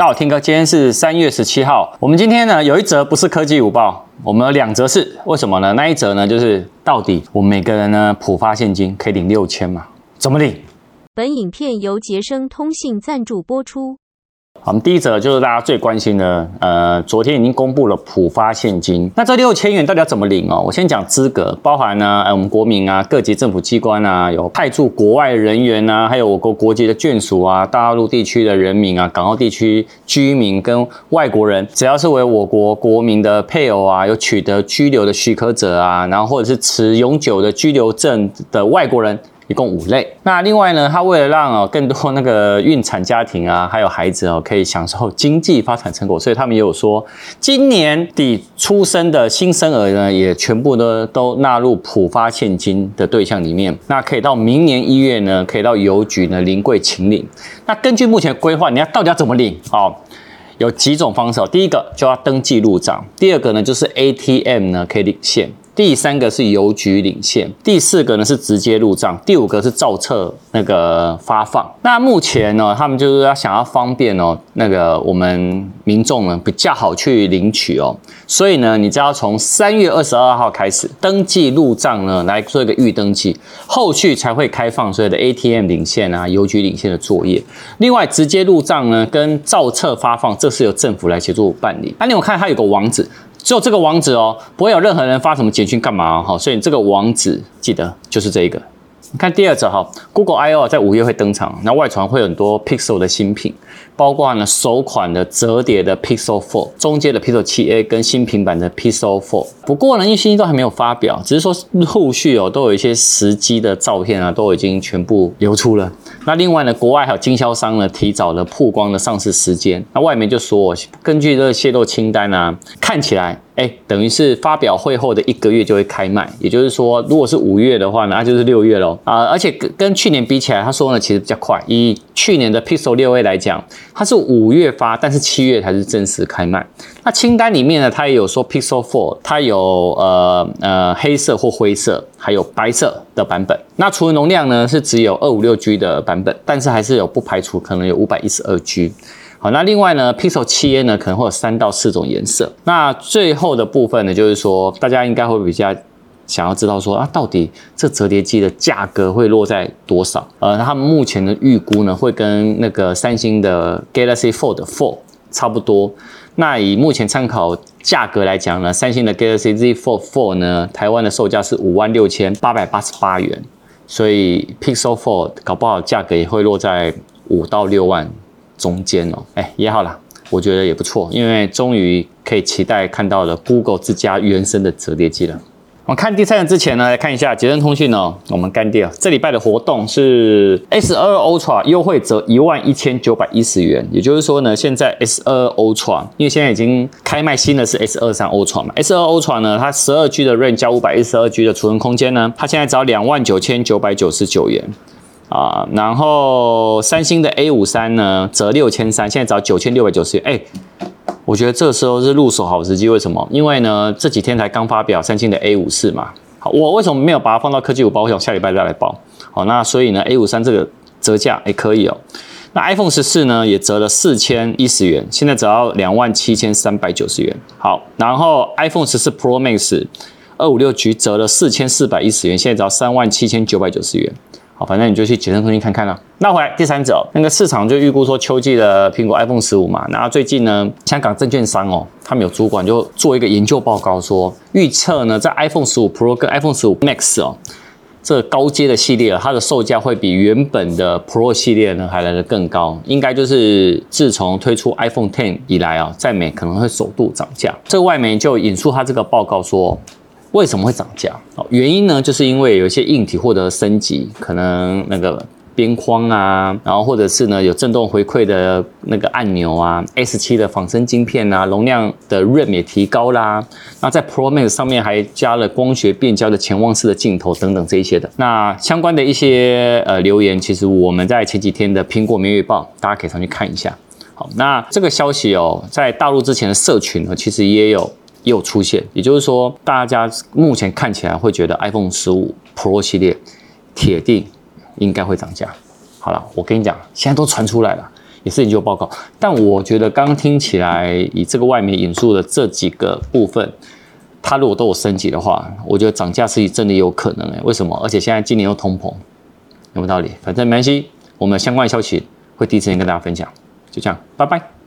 大家好，Tim 哥，今天是三月十七號。我們今天呢，有一則不是科技午報，我們有兩則是為什麼呢？那一則呢就是到底我們每個人呢普發現金可以領六千嘛，怎麼領？本影片由傑生通信贊助播出。好，我們第一則就是大家最關心的，呃，昨天已經公布了普發現金，那這六千元到底要怎麼領哦？我先講資格，包含呢、啊呃，我們國民啊，各級政府機關啊，有派駐國外人員吶、啊，還有我國國籍的眷屬啊，大陸地區的人民啊，港澳地區居民跟外國人，只要是為我國國民的配偶啊，有取得居留的許可者啊，然後或者是持永久的居留證的外國人。一共五類。那另外呢，他為了讓更多那個孕產家庭啊，還有孩子哦、啊，可以享受經濟發展成果，所以他們也有說，今年底出生的新生兒呢，也全部呢都納入普發現金的對象裡面。那可以到明年一月呢，可以到郵局呢臨櫃請領。那根據目前規劃，你要到底要怎麼領啊、哦？有幾種方式。第一個就要登記入賬，第二個呢就是 ATM 呢可以領現。第三個是郵局領現，第四個呢是直接入賬，第五個是造冊那個發放。那目前呢、哦，他們就是要想要方便哦，那個我們民眾呢比較好去領取哦。所以呢，你只要從三月二十二號開始登記入賬呢，來做一個預登記，後續才會開放所有的 ATM 領現啊、郵局領現的作業。另外，直接入賬呢跟造冊發放，這是由政府來協助辦理。那、啊、你有看它有個網址。只有這個網址哦，不會有任何人發什麼簡訊幹嘛？哦，所以這個網址記得就是這一個。看第二者哈，Google I/O 在五月會登場，那外傳會有很多 Pixel 的新品，包括呢首款的折疊的 Pixel Fold，中階的 Pixel 7a 跟新平板的 Pixel Fold。不過呢，因為新機都還沒有發表，只是說後續哦都有一些實機的照片啊，都已經全部流出了。那另外呢，國外還有經銷商呢，提早了曝光的上市時間。那外媒就說，根據這個洩露清單呢、啊，看起來。哎，等於是發表會後的一個月就會開賣，也就是說，如果是五月的話，那就是六月咯啊、呃，而且跟跟去年比起來，他說呢其實比較快。以去年的 Pixel 六 a 來講，它是五月發，但是七月才是正式開賣。那清單裡面呢，他也有說 Pixel Fold，它有呃呃黑色或灰色，還有白色的版本。那除了容量呢是只有二五六 G 的版本，但是還是有不排除可能有五百一十二 G。好，那另外呢，Pixel 7a 呢可能會有三到四種顏色。那最後的部分呢，就是說大家應該會比較想要知道說，說啊，到底這折疊機的價格會落在多少？呃，他們目前的預估呢，會跟那個三星的 Galaxy Fold Four 差不多。那以目前參考價格來講呢，三星的 Galaxy Z Fold Four 呢，台灣的售價是五萬六千八百八十八元，所以 Pixel Fold 搞不好價格也會落在五到六萬。中間哦，哎、欸、也好啦。我覺得也不錯，因為終於可以期待看到了 Google 自家原生的摺疊機了。我們看第三個之前呢，來看一下捷成通訊呢，我們乾爹這禮拜的活動是 S22 Ultra 優惠折一萬一千九百一十元，也就是說呢，現在 S22 Ultra 因為現在已經開賣新的是 S23 Ultra 嘛，S22 Ultra 呢，它十二 G 的 RAM 加五百一十二 G 的儲存空間呢，它現在只要兩萬九千九百九十九元。啊，然後三星的 A 五三呢，折六千三，現在只要九千六百九十元。哎，我覺得這時候是入手好時機，為什麼？因為呢，這幾天才剛發表三星的 A 五四嘛。好，我為什麼沒有把它放到科技午報？我想下禮拜再來報。好，那所以呢，A 五三這個折價也、哎、可以哦。那 iPhone 十四呢，也折了四千一十元，現在只要兩萬七千三百九十元。好，然後 iPhone 十四 Pro Max，二五六 G 折了四千四百一十元，現在只要三萬七千九百九十元。好,反正你就去傑昇通信看看啦。那回來，第三者那個市場就預估說，秋季的蘋果 iPhone 十五嘛。然後最近呢，香港證券商哦，他們有主管就做一個研究報告說，說預測呢，在 iPhone 十五 Pro 跟 iPhone 十五 Max 哦，這個、高階的系列、哦、它的售價會比原本的 Pro 系列呢還來得更高。應該就是自從推出 iPhone Ten 以來啊、哦，在美可能會首度漲價。這個、外媒就引述他這個報告說。為什麼會漲價？哦，原因呢，就是因為有一些硬體獲得升級，可能那個邊框啊，然後或者是呢有震動回饋的那個按鈕啊，S7 的仿生晶片啊，容量的 RAM 也提高啦。那在 Pro Max 上面還加了光學變焦的潛望式的鏡頭等等這一些的。那相關的一些呃留言，其實我們在前幾天的蘋果每日報，大家可以上去看一下。好，那這個消息哦，在大陸之前的社群呢，其實也有。也有出現，也就是說，大家目前看起來會覺得 iPhone 15 Pro 系列鐵定應該會漲價。好了，我跟你講，現在都傳出來了，也是研究報告。但我覺得剛剛聽起來，以這個外媒引述的這幾個部分，它如果都有升級的話，我覺得漲價是真的有可能哎、欸。為什麼？而且現在今年又通膨，有沒有道理？反正沒關係，我們相關的消息會第一時間跟大家分享。就這樣，拜拜。